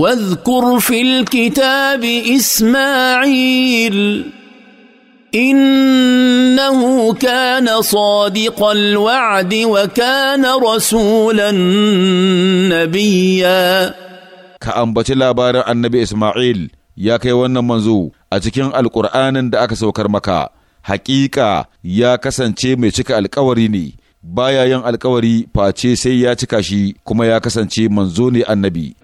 واذكر في الكتاب اسماعيل انه كان صادق الوعد وكان رسولا نبيا كأنبتي لابار النبي إسماعيل يا كيوان منزو أتكين القرآن دا أكسو كرمكا حقيقة يا كسن چي مي چك بايا ين القوري پا چي سي يا چكاشي كما يا كسن چي منزوني النبي